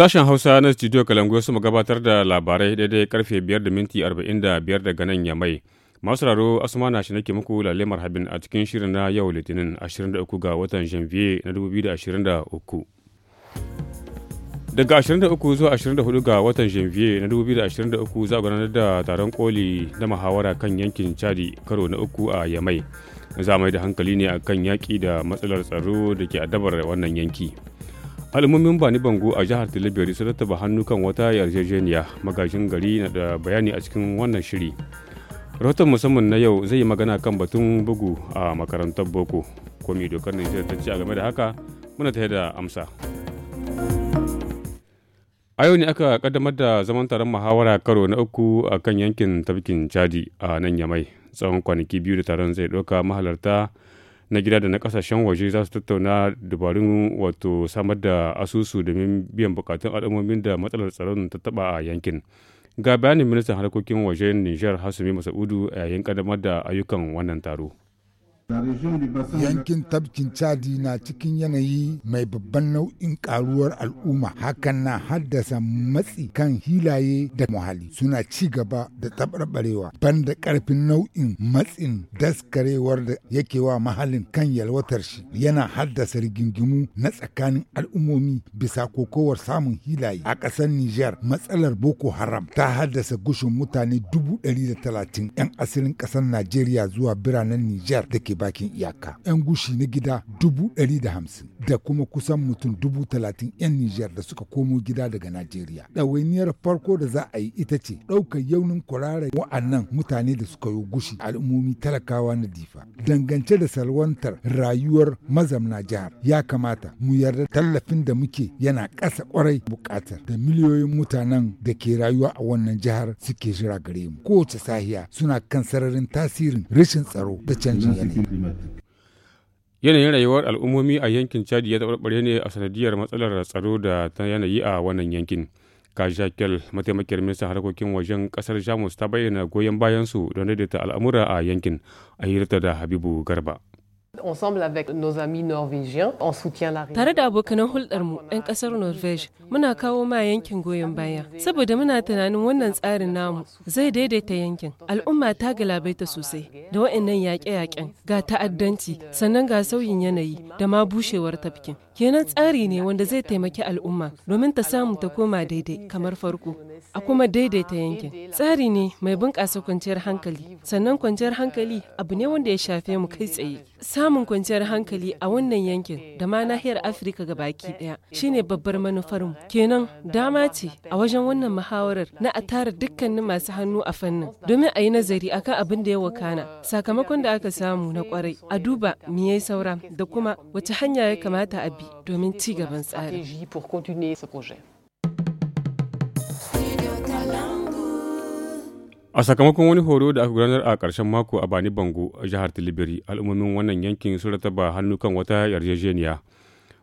Sashen Hausa na Studio Kalangu su gabatar da labarai daidai karfe 5 da minti 45 daga nan Yamai. Masu raro Asmana shi nake muku lalemar habin a cikin shirin na yau Litinin 23 ga watan Janvier na 2023. Daga 23 zuwa 24 ga watan Janvier na 2023 za a gudanar da taron koli na muhawara kan yankin Chadi karo na uku a Yamai. Za mai da hankali ne a kan yaƙi da matsalar tsaro da ke adabar wannan yanki. al'ummomin bani bango a jihar tilibiri sun rattaba hannu kan wata yarjejeniya magajin gari na da bayani a cikin wannan shiri rahoton musamman na yau zai yi magana kan batun bugu a makarantar boko komi dokar nigeria ta ce a game da haka muna tare da amsa a yau ne aka kaddamar da zaman taron muhawara karo na uku a kan yankin tafkin chadi a nan yamai tsawon kwanaki biyu da taron zai ɗauka mahalarta na gida da na kasashen waje za su tattauna dabarun wato samar da asusu domin biyan bukatun al'ummomin da matsalar tsaron ta taba a yankin ga bayanin ministan harkokin waje nijar hasumi masaudu a yayin kadamar da ayyukan wannan taro Yankin tabkin Chadi na cikin yanayi mai babban nau'in karuwar al'umma hakan na haddasa matsi kan hilaye da muhalli suna ci gaba da tabarbarewa banda ƙarfin nau'in matsin daskarewar da yake wa mahalin kan yalwatar shi yana haddasa rigingimu na tsakanin al'ummomi bisa kokowar samun hilaye a ƙasar Nijar matsalar Boko Haram ta haddasa gushin mutane dubu ɗari da talatin 'yan asalin ƙasar Najeriya zuwa biranen Nijar da ke bakin iyaka 'yan gushi na gida dubu ɗari da hamsin da kuma kusan mutum dubu talatin 'yan Nijar da suka komo gida daga Najeriya. Ɗawainiyar farko da za a yi ita ce ɗaukar yaunin kurare wa'annan mutane da suka yi gushi al'ummomi talakawa na difa. Dangance da salwantar rayuwar mazamna jihar ya kamata mu yarda tallafin da muke yana ƙasa ƙwarai buƙatar da miliyoyin mutanen da ke rayuwa a wannan jihar suke jira gare mu. Kowace sahiya suna kan sararin tasirin rashin tsaro da canjin yanayi. Yanayin rayuwar al'ummomi a yankin Chad ya taɓarɓare ne a sanadiyar matsalar tsaro da ta yanayi a wannan yankin. Kaja Kel, mataimakiyar ministan harkokin wajen ƙasar Jamus ta bayyana goyon bayansu don daidaita al'amura a yankin a hirarta da Habibu Garba. Tare da abokanan hulɗarmu 'yan ƙasar Norvege muna kawo ma yankin goyon baya, saboda muna tunanin wannan tsarin namu zai daidaita yankin. Al'umma ta galabaita sosai da wa'annan yaƙe-yaƙen ga ta'addanci sannan ga sauyin yanayi da ma bushewar tafkin. Kenan tsari ne wanda zai taimaki al'umma domin ta samu ta koma daidai kamar farko, a kuma daidaita yankin. Tsari ne mai bunƙasa kwanciyar hankali, sannan kwanciyar hankali abu ne wanda ya shafe mu kai tsaye. Samun kwanciyar hankali a wannan yankin da ma nahiyar Afirka ga baki ɗaya shine babbar manufarmu. Kenan dama ce a wajen wannan muhawarar na a tara dukkanin masu hannu a fannin domin a yi nazari akan abin da ya wakana sakamakon da aka samu na kwarai a duba mi yayi saura da kuma wace hanya ya kamata a bi domin ci gaban tsari. A sakamakon wani horo da aka gudanar a ƙarshen mako a Bani Bango, a jihar Tilibiri, al'ummomin wannan yankin sun rataba hannu kan wata yarjejeniya.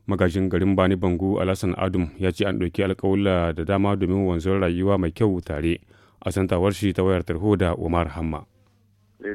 Magajin garin Bani Bango Alasan Adum ya ce an ɗauki alƙawula da dama domin wanzuwar rayuwa mai kyau tare a santawar shi ta wayar tarho da Umar Hamma. Eh,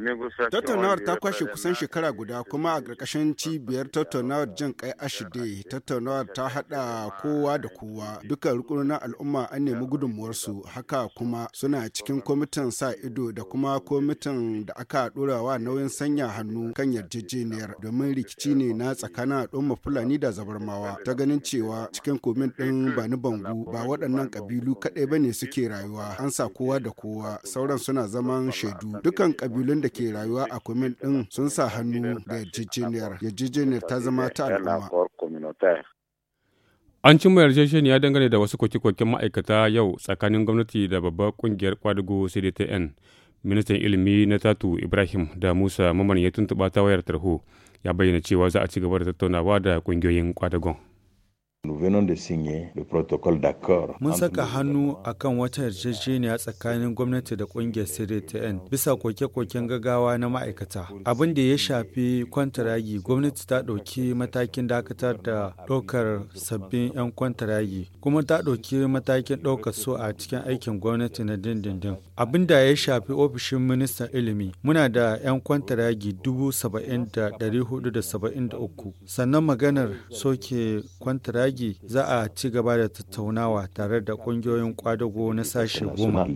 tattaunawar ta kwashe kusan shekara guda kuma a ƙarƙashin cibiyar tattaunawar jin kai ashide tattaunawar ta haɗa kowa da kowa duka rukunan al'umma an nemi gudunmuwarsu haka kuma suna cikin kwamitin sa ido da kuma kwamitin da aka ɗora wa nauyin sanya hannu kan yarjejeniyar domin rikici ne na tsakanin al'umma fulani da zabarmawa ta ganin cewa cikin komin ɗin ni bangu ba waɗannan kabilu kaɗai ba ne suke rayuwa an sa kowa da kowa sauran suna zaman shaidu dukan kabilu kullum da ke rayuwa a kumin din sun sa hannu da yarjejeniyar yarjejeniyar ta zama ta al'umma An cimma yarjejeniya dangane da wasu koke ma'aikata yau tsakanin gwamnati da babbar kungiyar kwadugo CDTN. Ministan ilimi na Tatu Ibrahim da Musa Mamman ya tuntuɓa ta wayar tarho ya bayyana cewa za a ci gaba da tattaunawa da kungiyoyin kwadagon. Mun saka hannu a kan wata yarjejeniya tsakanin gwamnati da kungiyar CDTN bisa koke-koken gaggawa na ma'aikata. Abin da ya shafi kwantaragi, gwamnati ta ɗauki matakin dakatar da ɗaukar sabbin 'yan kwantaragi, kuma ta ɗauki matakin ɗaukar so a cikin aikin gwamnati na dindindin. Abin da ya shafi ofishin ministan ilimi, muna da 'yan kwantaragi dubu Sannan maganar soke kwantaragi zagi za a ci gaba da tattaunawa tare da ƙungiyoyin kwadago na sashe goma.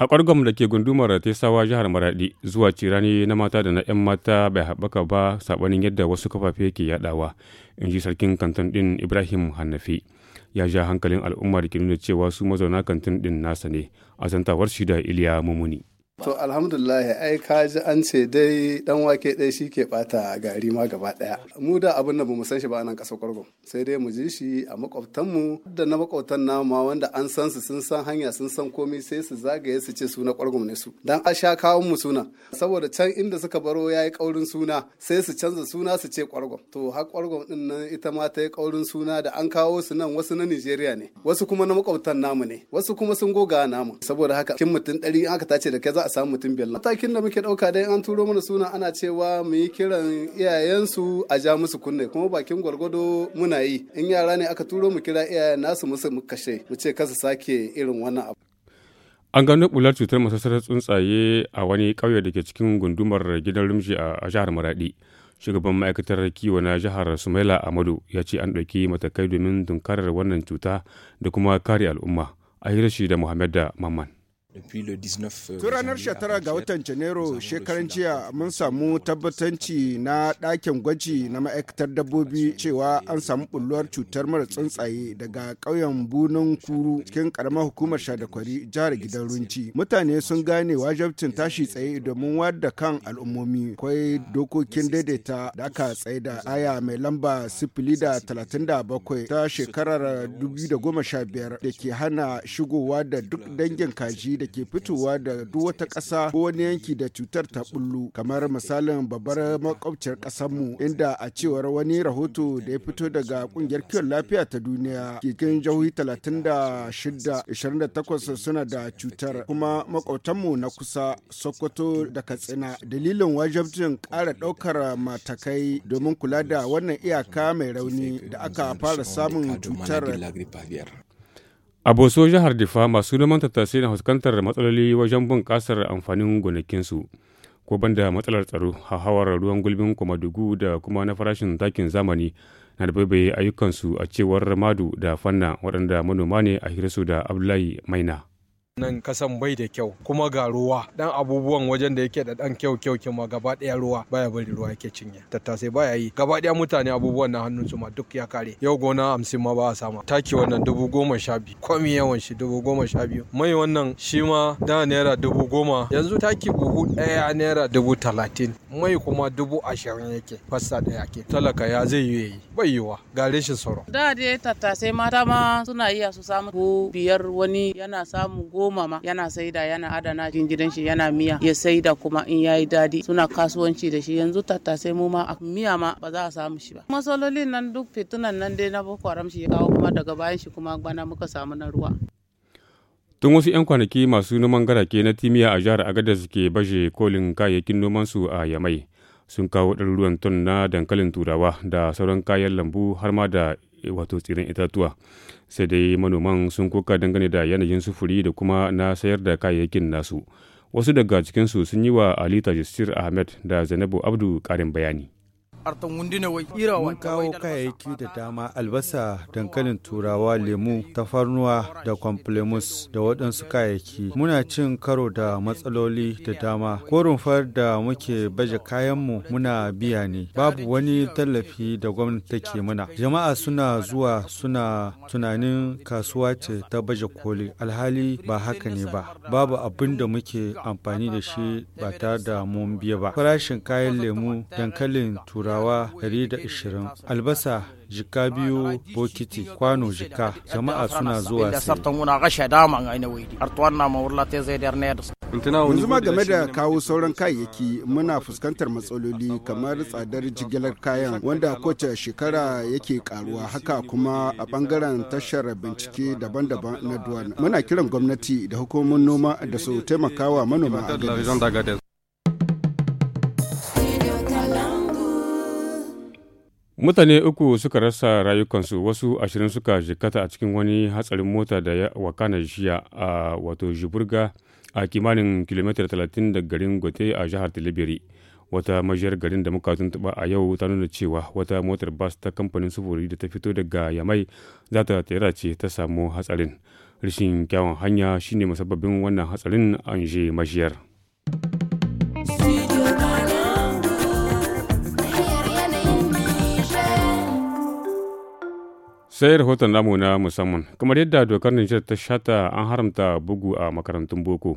a ƙwargwam da ke gundumar tesawa jihar maraɗi zuwa cirani na mata da na 'yan mata bai haɓaka ba saɓanin yadda wasu kafafe ke yaɗawa in ji sarkin kantin ɗin ibrahim hannafi ya ja hankalin al'ummar da ke nuna cewa su mazauna kantin ɗin nasa ne a zantawar shi da iliya mumuni to alhamdulillah ai ka ji an ce dai dan wake dai shi ke bata gari ma gaba daya mu da abin da bamu san shi ba nan kasar kwargo sai dai mu ji shi a makwabtan mu da na makwabtan na ma wanda an san su sun san hanya sun san komai sai su zagaye su ce suna kwargo ne su dan a sha kawun mu suna saboda can inda suka baro yayi kaurin suna sai su canza suna su ce kwargo to har kwargo din nan ita ma ta yi kaurin suna da an kawo su nan wasu na Nigeria ne wasu kuma na makwabtan namu ne wasu kuma sun goga namu saboda haka kin mutum ɗari aka tace da kai za samu mutum biyar matakin da muke dauka dai an turo mana suna ana cewa mu yi kiran iyayensu a ja musu kunne kuma bakin gwargwado muna yi in yara ne aka turo mu kira iyayen nasu musu mu kashe mu ce kasa sake irin wannan abu an gano bular cutar masassarar tsuntsaye a wani ƙauye da ke cikin gundumar gidan rumshi a jihar maradi shugaban ma'aikatar kiwo na jihar sumaila amadu ya ce an ɗauki matakai domin tunkarar wannan cuta da kuma kare al'umma a hirashi da muhammad da mamman Euh, Tun ranar shatara ga watan Janairu shekaran jiya mun samu tabbatanci na ɗakin gwaji na ma'aikatar dabbobi cewa an samu bulluwar cutar mara tsuntsaye daga ƙauyen Bunan Kuru cikin ƙaramar hukumar Shadakwari jihar Gidan Runci. Mutane sun gane wajabcin tashi tsaye domin wadda kan al'ummomi. kwai dokokin daidaita da aka tsaye da aya mai lamba sifili da talatin da bakwai ta shekarar dubu sha biyar da ke hana shigowa da duk dangin kaji da ke fitowa da duk wata ƙasa ko wani yanki da cutar ta bullu kamar misalin babbar makwabciyar ƙasarmu inda a cewar wani rahoto da ya fito daga ƙungiyar kiwon lafiya ta duniya kikin jihohi 36 28 suna da cutar kuma makwabtanmu na kusa sokoto da katsina dalilin wajabcin ƙara ɗaukar matakai domin kula da wannan iyaka mai rauni da aka fara samun cutar Aboso jihar Difa masu neman tattasai na fuskantar matsaloli wajen bunƙasar amfanin gonakinsu, ko banda matsalar tsaro, hauhawar ruwan gulbin Komadugu da kuma na farashin takin zamani na da ayyukansu a cewar Madu da Fanna waɗanda manoma ne a hirsu da Abdullahi Maina. nan kasan bai da kyau kuma ga ruwa dan abubuwan wajen da yake da dan kyau kyau kuma gaba daya ruwa baya bari ruwa yake cinye tattasai baya yi gaba daya mutane abubuwan na hannun su ma duk ya kare yau gona hamsin ma ba a sama taki wannan dubu goma sha biyu komi yawan shi dubu goma sha biyu mai wannan shi ma da naira dubu goma yanzu taki buhu daya naira dubu talatin mai kuma dubu ashirin yake fassa daya ke talaka ya zai yi yi bai yiwa ga rashin tsaro da dai tattasai mata ma suna iya su samu biyar wani yana samu goma ma yana saida yana adana cikin gidan shi yana miya ya saida kuma in yayi dadi suna kasuwanci da shi yanzu sai mu ma miya ma ba za a samu shi ba masalolin nan duk fitunan nan dai na boko haram shi ya kawo kuma daga bayan shi kuma bana muka samu na ruwa tun wasu 'yan kwanaki masu noman garake na timiya a jihar agadar suke baje kolin kayayyakin nomansu a yamai sun kawo ɗaruruwan ton na dankalin turawa da sauran kayan lambu har ma da Eh, wato tsiran itatuwa sai dai manoman sun koka dangane da yanayin sufuri da kuma na sayar da kayayyakin nasu wasu daga cikinsu sun yi wa alita tajistir ahmed da zainabu abdu karin bayani artan wai mun kawo kayayyaki da dama albasa dankalin turawa lemu tafarnuwa da complemus da waɗansu kayayyaki muna cin karo da matsaloli da dama ko rumfar da muke baje kayanmu muna biya ne babu wani tallafi da gwamnati take muna jama'a suna zuwa suna tunanin kasuwa ce ta baje koli alhali ba haka ne ba babu abin da muke amfani da shi ba tare da mun biya ba farashin kayan lemu dankalin turawa turawa 120 albasa jika biyu bokiti kwano jika jama'a suna zuwa sai yanzu ma game da kawo sauran kayayyaki muna fuskantar matsaloli kamar tsadar jigilar kayan wanda kowace shekara yake karuwa haka kuma a bangaren tashar bincike daban-daban na duwan muna kiran gwamnati da hukumomin noma da su taimakawa manoma a Mutane uku suka rasa rayukansu wasu ashirin suka jikata a cikin wani hatsarin mota da ya wakana jiya a wato Jiburga a kimanin kilomita 30 da garin Gote a jihar Tilibiri. Wata majiyar garin da muka tuntuɓa a yau ta nuna cewa wata motar bas ta kamfanin sufuri da ta fito daga Yamai za ta tera ce ta samu hatsarin. Rashin kyawun hanya shine masababin wannan hatsarin an je majiyar. sai rahoton namu na musamman kamar yadda dokar nijar ta shata an haramta bugu a makarantun boko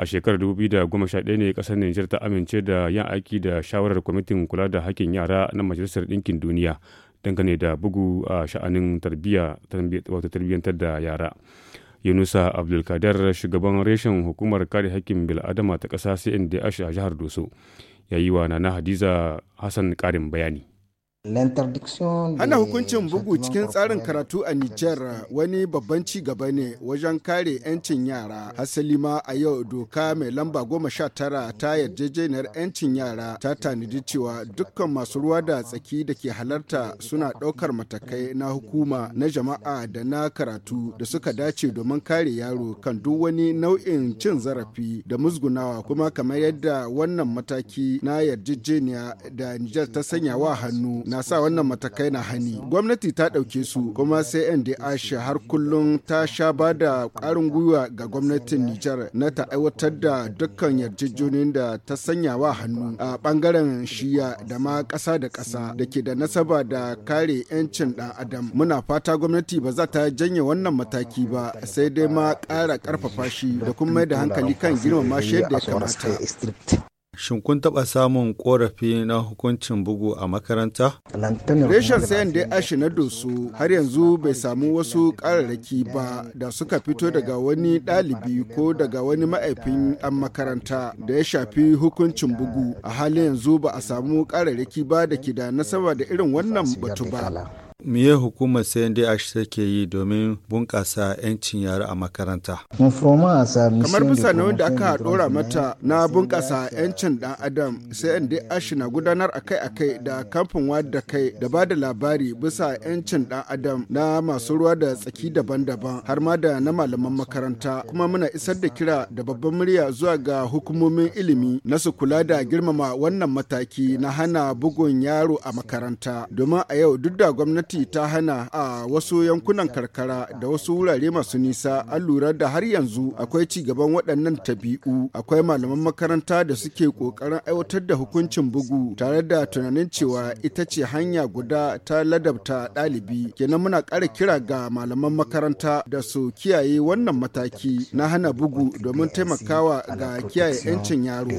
a shekarar 2011 ne kasar nijar ta amince da yin aiki da shawarar kwamitin kula da hakkin yara na majalisar ɗinkin duniya dangane da bugu a sha'anin tarbiyya wato tarbiyyantar da yara yunusa abdulkadar shugaban reshen hukumar kare hakkin bil'adama ta ƙasa cndh a jihar doso ya yi wa nana hadiza hassan ƙarin bayani Hana hukuncin bugu cikin tsarin karatu a Nijar wani babban ci gaba ne wajen kare 'yancin yara. Hasali ma a yau doka mai lamba goma sha tara ta yarjejeniyar 'yancin yara ta tanadi cewa dukkan masu ruwa da tsaki da ke halarta suna ɗaukar matakai na hukuma na jama'a da na karatu da suka dace domin kare yaro kan duk wani nau'in cin zarafi da musgunawa kuma kamar yadda wannan mataki na yarjejeniya da Nijar ta sanya wa hannu na na sa wannan matakai na hani. Gwamnati ta ɗauke su kuma sai NDH har kullum ta sha ba da ƙarin gwiwa ga gwamnatin Nijar na ta aiwatar da dukkan yarjejjonin da ta sanya wa hannu a ɓangaren shiya da ma ƙasa da ƙasa da ke da nasaba da kare 'yancin ɗan adam. Muna fata gwamnati ba za ta janye wannan mataki ba sai dai ma kara karfafa shi da kuma mai da hankali kan girmama shi yadda ya kamata. Shin kun taɓa samun ƙorafi na hukuncin bugu a makaranta? Reshen sayan da ashi na dosu har yanzu bai samu wasu ƙararraki ba da suka fito daga wani ɗalibi ko daga wani ma'aifin ɗan makaranta da ya shafi hukuncin bugu. A halin yanzu ba a samu ƙararraki ba da ke da nasaba da irin wannan batu ba. Miye hukumar CNDH take yi domin bunƙasa 'yancin yara a makaranta? Kamar bisa nauyin da aka ɗora mata na bunƙasa 'yancin ɗan adam ash na gudanar akai-akai da kamfin wadda kai da ba da labari bisa 'yancin ɗan adam na masu ruwa da tsaki daban-daban har ma da na malaman makaranta kuma muna isar da kira da babban murya zuwa ga hukumomin ilimi na su kula da girmama wannan mataki na hana bugun yaro a makaranta domin a yau duk da gwamnati gwamnati ta hana a wasu yankunan karkara da wasu wurare masu nisa an lura da har yanzu akwai ci gaban waɗannan tabi'u akwai malaman makaranta da suke ƙoƙarin aiwatar da hukuncin bugu tare da tunanin cewa ita ce hanya guda ta ladabta ɗalibi kenan muna ƙara kira ga malaman makaranta da su kiyaye wannan mataki na hana bugu domin taimakawa ga kiyaye 'yancin yaro.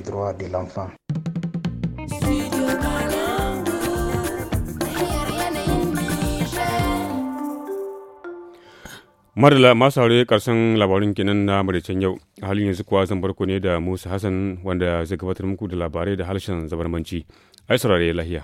Madala masu haure karshen labarin kenan na maraicen yau. Halin yanzu kuwa zan barko ne da Musa Hassan wanda zai gabatar muku da labarai da harshen zabarmanci. Ai saurare lahiya.